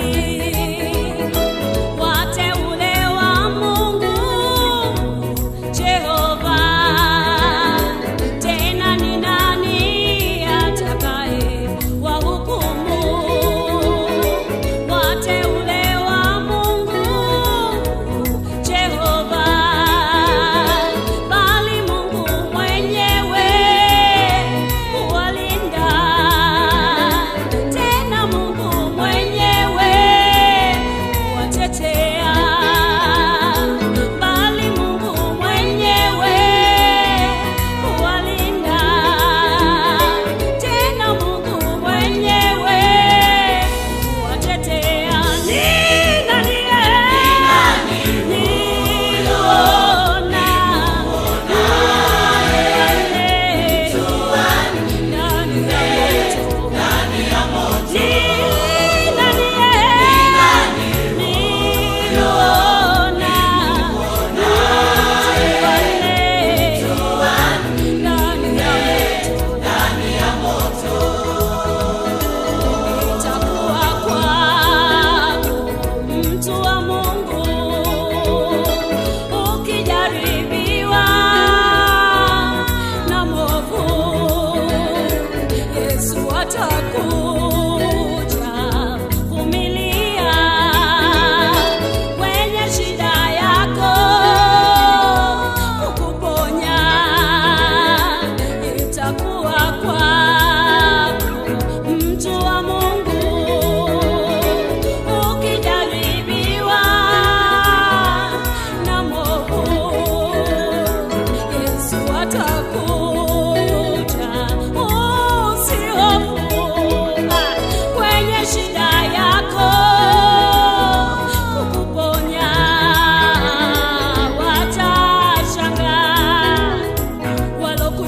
aqui.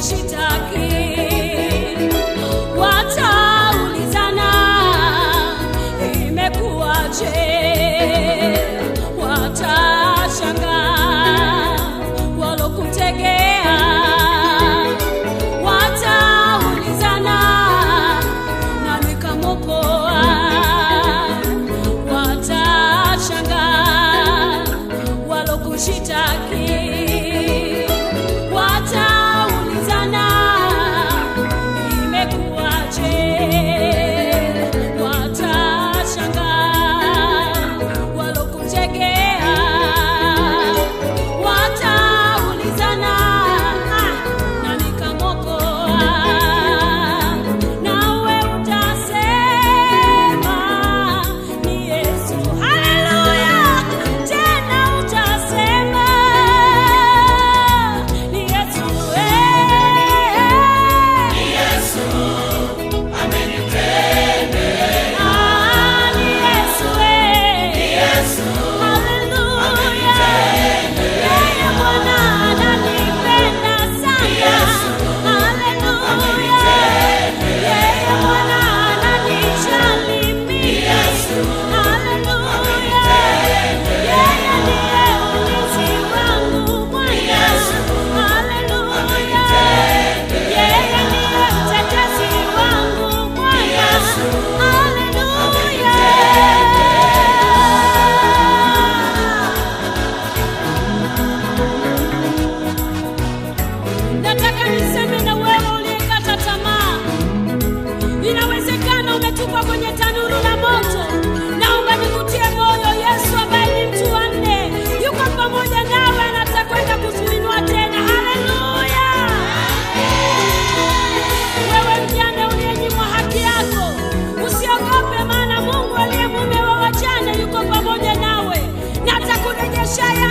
She's. umewekwa kwenye tanuru la moto. Naomba nikutie moyo, Yesu ambaye ni mtu wa nne yuko pamoja nawe, anatakwenda kukuinua tena. Haleluya! Wewe mjane uliyenyimwa haki yako, usiogope, maana Mungu aliye mume wa wajane yuko pamoja nawe na atakurejesha